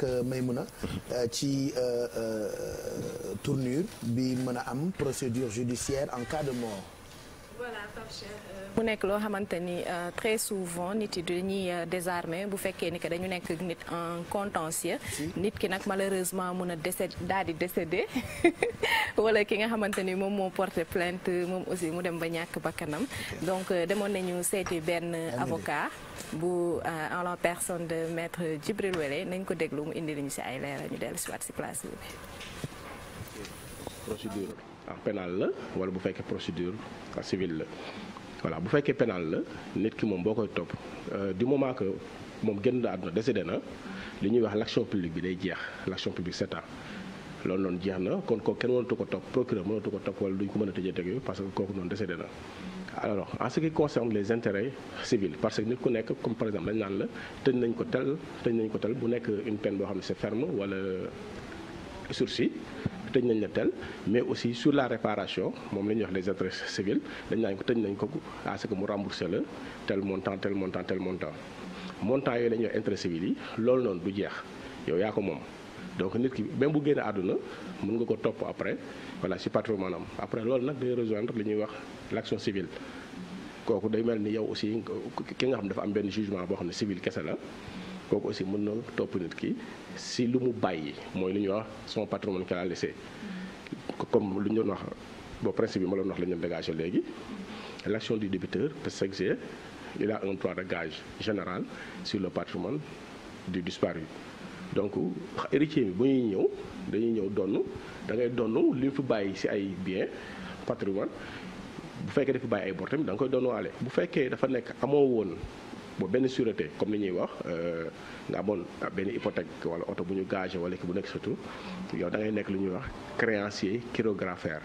ak euh, Maymouna mhm. euh, ci euh, tournure bi mën a am procédure judiciaire en cas de mort. mu nekk loo xamante ni euh, très souvent nit yi dañuy euh, désarmé bu fekkee ni que dañu nekk nit en contentieux nit ki nag malheureusement mun a décédé daal di décédé wala ki nga xamante ni moom moo porté plainte moom aussi mu dem ba ñàkk bakkanam donc euh, demoon nañu seeti benn avocat bu en la personne de maître Djibril Wele nañ ko déglu mu indi lañu si ay leeral ñu dellu si wat si classe bi procédure pénale la wala bu fekkee procédure civile la voilà bu fekkee pénal la nit ki moom boo koy topp euh, du moment que moom génn na àdduna décédé na li ñuy wax l' action bi day jeex l' action publique sept ans loolu noonu jeex na kon kooku kenn mënatu ko topp procureur mënatu ko topp wala duñ ko mën a tëjee teg parce que kooku noonu décédé na. alors en ce qui concerne les intérêts civils parce que nit ku nekk comme par exemple dañ naan la tëj nañ ko tel tëj nañ ko tel bu nekk une peine boo xam ne c'est ferme wala tëj nañ la tel mais aussi sur la réparation moom la ñuy wax les adresses civiles dañ naan ko tëj nañ ko à ce que mu remboursé la tel montant tel montant tel montant montant yooyu la ñuy wax civil yi loolu noonu du jeex yow yaa ko moom donc nit ki même bu génne àdduna mën nga ko topp après voilà si patrimoine maanaam après loolu nag day rejoindre li ñuy wax l' action civile kooku day mel ni yow aussi ki nga xam dafa am benn jugement boo xam ne civil kese la kooku aussi mën na topp nit ki si lu mu bàyyi mooy lu ñuy wax son patrimoine qu'il a laissé comme lu ñu doon wax boo principe bi ma doon wax la ñu dégagé léegi l'action du débiteur parce que il a un droit de gage général sur le patrimoine du disparu donc héritier bi bu ñuy ñëw dañuy ñëw donn da ngay donn li mu fi bàyyi si ay bien patrimoine bu fekkee dafa bàyyi ay bor tamit da nga koy donn waale bu fekkee dafa nekk amoo woon boo benn sûreté comme ni ñuy wax euh, nga amoon benn hypothèque wala oto bu ñu gagé wala ki bu nekk surtout yow da ngay nekk lu ñuy wax créancier chirographaire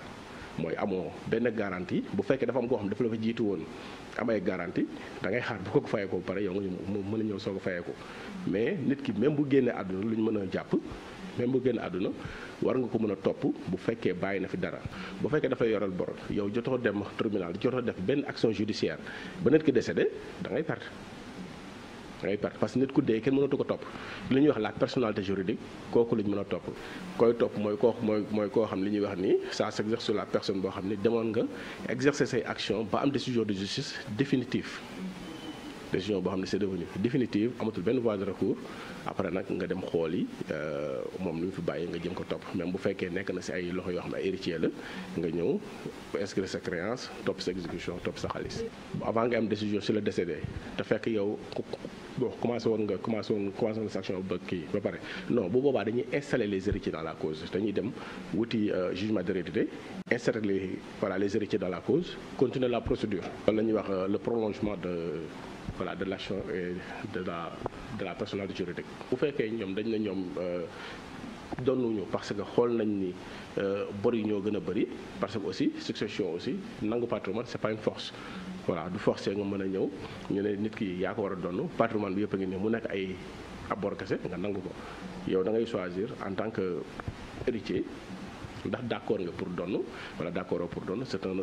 mooy amoo benn garantie bu fekkee dafa am koo xam dafa la fa jiitu woon am ay garantie da ngay xaar bu ko ko ba pare yow nga mën a ñëw soog a mais nit ki même bu génnee àdduna lu ñu mën a jàpp même bu génn àdduna war nga ko mën a topp bu fekkee bàyyi na fi dara bu fekkee dafay yoral bor yow jotoo dem tribunal jotoo def benn action judiciaire ba nit ki décédé da ngay perte. da ngay perte parce que nit ku dee kenn mënatu ko topp li ñuy wax la personnalité juridique kooku la ñu mën a topp koy topp mooy koo mooy mooy koo xam li ñuy wax ni ça s'exerce sur la personne boo xam ni demoon nga exercer say action ba am décision de justice définitive décision boo xam ne c'est devenu définitive amatul benn voie de après nag nga dem xool yi euh, moom lu mu fi bàyyi nga jëm ko topp même bu fekkee nekk na si ay loxo yoo xam ne ay héritier la nga ñëw inscrire sa créance topp sa exécution topp sa xaalis avant nga am décision sur le décédé te fekk yow bon commencé woon nga commencé woon commencé woon sa action ba kii ba pare non bu boobaa dañuy installer les la cause dañuy dem wuti euh, jugement d'hérédité installer les voilà les héritiers la cause continuer la procédure loolu la wax euh, le prolongement de voilà de l'action et de la de la personnalité juridique bu fekkee ñoom dañ na ñoom euh, donnuñu parce que xool nañ ni euh, bor yi ñoo gën a bëri parce que aussi succession aussi nangu patrimoine c'est pas force voilà du forcé nga mën a ñëw ñu ne nit ki yaa ko war a donn patrimoine bi yëpp a ngi ne mu nekk ay abor kese nga nangu ko yow da ngay choisir en tant que héritier ndax d' accord nga pour donn wala d' accord pour donn c' est un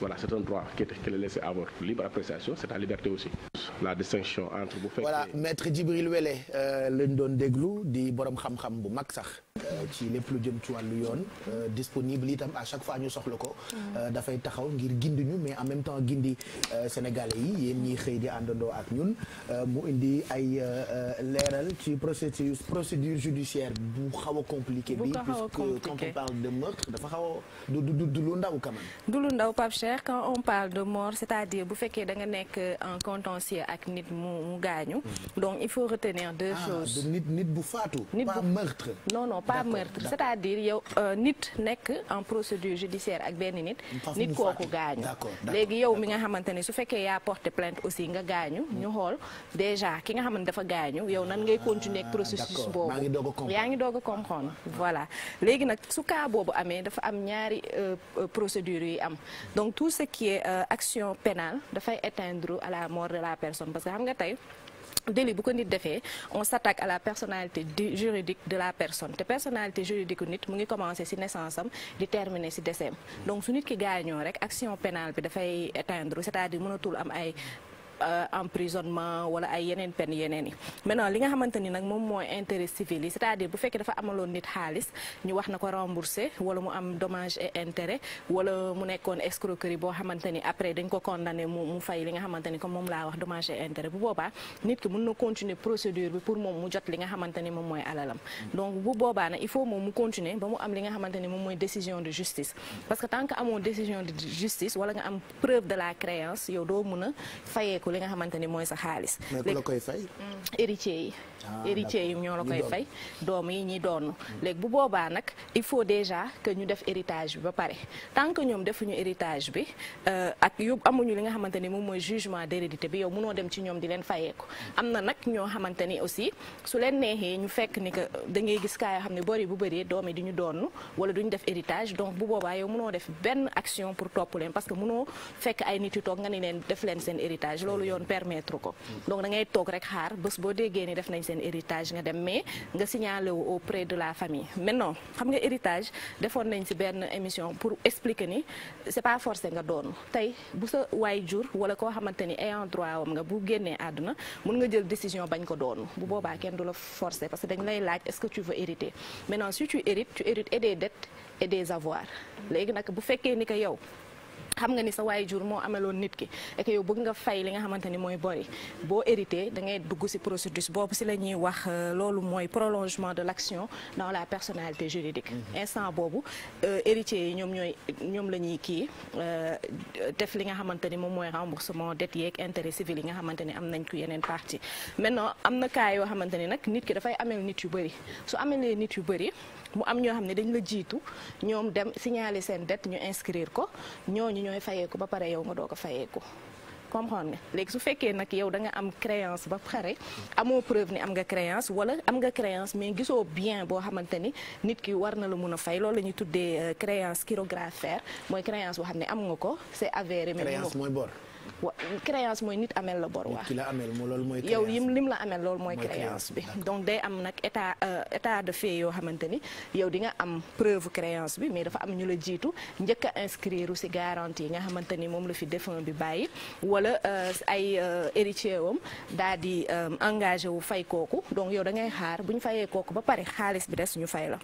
voilà c' est un droit qui est laissé à votre libre appréciation c' est ta liberté aussi. la distinction entre bu fekkee. voilà maître Djibril Wélé euh, lañ doon déglu di borom xam-xam bu mag sax. Euh, ci lépp lu jëm ci wàllu yoon euh, disponible itam à chaque fois ñu soxla ko euh, dafay taxaw ngir gindi ñu mais en même temps gindi sénégalais yi yéen ñiy xëy di àndandoo ak ñun mu indi ay leeral ci procédure procédure judiciaire bu xaw a compliqué bi puisque quand on parle de meurtre dafa xaw du du du lu ndaw quand du lu ndaw Pape Cheikh quand on parle de mort c'est-à-dire bu fekkee da nga nekk en contentieux ak nit mu mu gaañu mm. donc il faut retenir deux ah, choses nit bu faatu pas meurtre pas meurtre c'est-à-dire yow euh, nit nekk en procédure judiciaire ak benn nit nit kooku gaañu léegi yow mi nga xamante ne su fekkee yaa porté plainte aussi nga gaañu hmm. ñu xool déjà ki nga xamante dafa gaañu yow nan ngay continuer ak processus boobu yaa ngi doog a comprendre voilà léegi nag su cas boobu amee dafa am ñaari euh, euh, procédure yi am donc tout ce qui est action pénale dafay éteindre à la mort de la personne parce que xam nga tey délit bu ko nit defee on s'attaque à la personnalité juridique de la personne te personnalité juridique nit mu ngi commencé ci naissance am di terminer ci décès am donc su nit ki gaañoo rek action pénale bi dafay éteindre c'est-à-dire mënatul am ay Euh, emprisonnement wala ay yeneen peine yeneen yi maintenant li nga xamante ni nag moom mooy intérêt civil yi c'est-à-dire bu fekkee dafa amaloon nit xaalis ñu wax na ko remboursé wala mu am dommage et intérêt wala mu nekkoon escroquerie xamante ni après dañ ko condamné mu li nga xamante ni comme moom laa wax dommage et intérêt bu boobaa nit ki mën na continuer procédure bi pour moom mu jot li nga xamante ni moom mooy alalam donc bu boobaa nag il faut moom mu continuer ba mu am li nga xamante ni moom mooy décision de justice parce que tant que amoo décision de justice wala li nga xamante ni mooy sa xaalis. mais ku la koy fay. Mm. yi. Ah, héritiers yi ñoo la koy fay doom yi ñi doon léegi bu boobaa nag il faut déjà que ñu def héritage bi ba pare tant que ñoom defuñu héritage bi euh, ak yu amuñu li nga xamante ni moom mooy jugement d'hérédité bi yow mënoo dem ci ñoom di leen fayeeku am na nag ñoo xamante ni aussi su leen neexee ñu fekk ni que euh, da ngay gis kaa yoo xam ne bori bu bëree doom yi di ñu doon wala duñu def héritage donc bu boobaa yow mënoo def benn action pour topp leen parce que munoo fekk ay nit yu toog nga leen def leen seen héritage loolu yoon permettre ko mm. def nañ seen héritage nga dem mais nga signalé au près de la famille maintenant xam nga héritage defoon nañ ci benn émission pour expliquer ni c'est pas forcé nga doon tey bu sa waay jur wala koo xamante ni ayant droit wam nga bu génnee àdduna mën nga jël décision bañ ko doon bu boobaa kenn du la forcé parce que dañu lay laaj est-ce que tu veux hériter maintenant si tu hérites tu hérites et des dettes et des avoirs léegi nag bu fekkee ni que yow xam nga ni sa waaye jur moo amaloon nit ki et que yow bëgg nga fay li nga xamante ni mooy bori boo hérité da ngay dugg ci processus boobu si la ñuy wax euh, loolu mooy prolongement de l'action dans la personnalité juridique mhm. instant boobu euh, héritiers yi ñoom ñooy ñoom la ñuy kii euh, def li nga xamante ni moom mooy remboursement dette yeeg intérêt civil yi nga xamante ni am nañ ko yeneen partie maintenant am na cas yoo xamante ni nag nit ki dafay amel nit yu bëri su amelee nit yu bëri mu am ñoo xam ne dañ la jiitu ñoom dem signaler seen dette ñu inscrire ko ñooñu ñooy fayeeku ba pare yow nga doog a fayeeku comprendre nga léegi su fekkee nag yow da nga am créance ba pare amoo preuve ni am nga créance wala am nga créance mais gisoo bien boo xamante ni nit ki war na la mun a fay loolu la ñuy tuddee euh, créance chirographaire mooy créance boo xam ne am nga ko c'est avéré. mais créance mooy bor. wa créance mooy nit amel la bor waa yow yim lim la amel loolu mooy créance bi donc day am nag état euh, état de fait yoo xamante ni yow di nga am preuve créance bi mais dafa am ñu la jiitu njëkk a inscrire si garantie yi nga xamante ni moom la fi défunt bi bàyyi wala euh, ay euh, héritier wam daal di engagé wu fay kooku donc yow da ngay xaar bu ñu fayee kooku ba pare xaalis bi des ñu fay la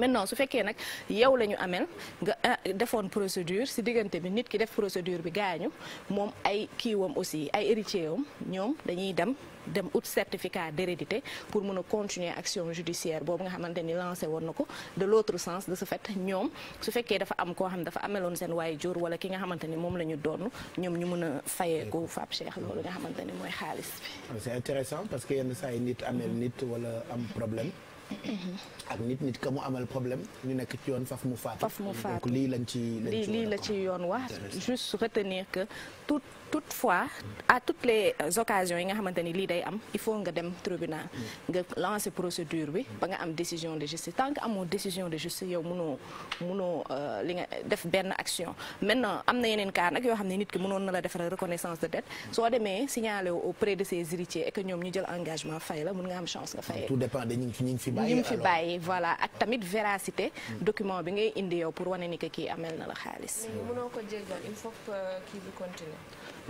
maintenant su fekkee nag yow la ñu amel nga ah, defoon procédure si diggante bi nit ki def procédure bi gaañu moom ay kiiwam aussi ay héritier am ñoom dañuy dem dem ut certificat d'hérédité pour mun a continuer action judiciaire boobu nga xamante ni lancé woon na ko de l'autre sens de ce fait ñoom su fekkee dafa am koo xam dafa ameeloon seen waaye jur wala ki nga xamante ni moom la ñu doon ñoom ñu mun a fayeeku Fab Cheikh loolu nga xamante ni mooy xaalis bi. c'est intéressant parce que yenn saa yi nit amel wala am problème. ak nit nit ka mu amal problème ñu nekk ci yoon faf mu faatu. faf mu faatu donc lii lañ ci lii lii la ci yoon wax juste retenir que tout toutefois à toutes les euh, occasions yi nga xamante ni lii day am il faut nga dem tribunal. Mm. nga lancer procédure bi ba nga am décision de justice tant que amoo décision de justice yow mënoo mënoo euh, li nga def benn action. maintenant am na yeneen cas nag yoo xam ne nit ki mënoon na la defal reconnaissance de dette soo demee signaler auprès bàyyi fi bàyyi voilà ak tamit véracité document bi ngay indi yow pour wane ni que kii amel na la xaalis. ko euh, kii bi continue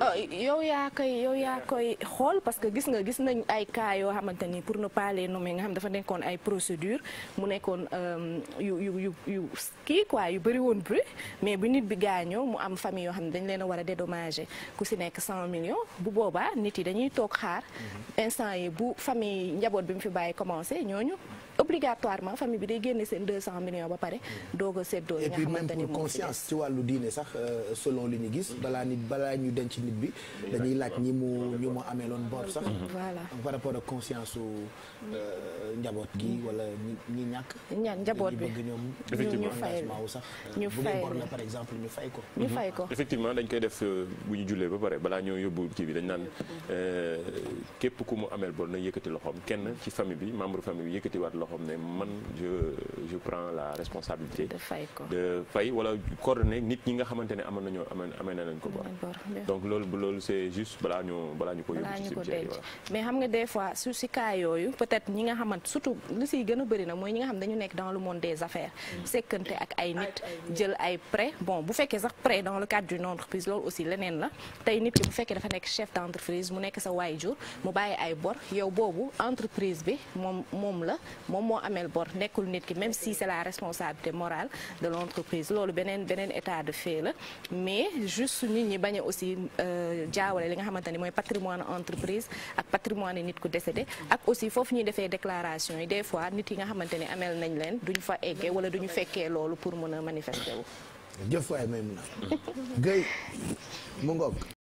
oh, yow yaa koy xool parce que gis nga gis nañ ay cas yoo xamante ni pour ne pas les nommer nga xam dafa nekkoon ay procédure mu nekkoon euh, yu yu yu kii quoi yu bëri woon bruit mais bu nit bi gaañoo mu am famille yoo xam ne dañ leen a war a dédommager ku si nekk cent million bu boobaa nit yi dañuy toog xaar mhm. instant yi bu famille njaboot bi mu fi bàyyi commencé ñooñu obligatoirement famille bi day génne seen 200 millions ba pare doog a séddoo et puis même pour wàllu diine sax euh, selon li ñu gis balaa nit balaa ñu denc nit bi dañuy laaj ñi mu ñu mu ameeloon bor sax voilà par ak conscience su euh, njaboot gi wala ñi ñàkk ñaan njaboot bi bëgg ñoom ñu fay wu sax ñu fay bor la par exemple ñu fay ko ñu fay effectivement dañ koy def euh, bu ñu jullee ba pare balaa ñoo yóbbu kii bi dañ naan képp ku mu ameel bor na yëkkati loxoom kenn ci famille bi membre famille bi yëkkati waat loxoom ne man la responsabilité. de fay ko de ñi nga xamante ne amoon nañoo amee nañ ko bor. donc loolu loolu c'est juste balaa mais xam nga des fois su si cas yooyu peut-être ñi nga xamante surtout li si gën a bëri nag mooy ñi nga xam dañu nekk dans le monde des affaires. Mm. sekkante ak ay nit jël ay prêt bon bu fekkee sax prêt dans le cadre d'une entreprise loolu aussi leneen la tey nit ki bu fekkee dafa nekk chef d'entreprise mu nekk sa waajur mu bàyyi ay bor yow boobu entreprise bi moom moom la. moom moo ameel bor nekkul nit ki même si c'est la responsabilité morale de l'entreprise loolu beneen beneen état de fait la mais juste nit ñi bañ a aussi euh, jaawale li nga xamante ni mooy patrimoine entreprise ak patrimoine nit ku décédé ak aussi foofu ñuy defee déclaration yi des fois nit yi nga xamante ni ameel nañ leen duñ fa egge wala duñu fekkee loolu pour mën a manifester wu jëf waay may mu ngoog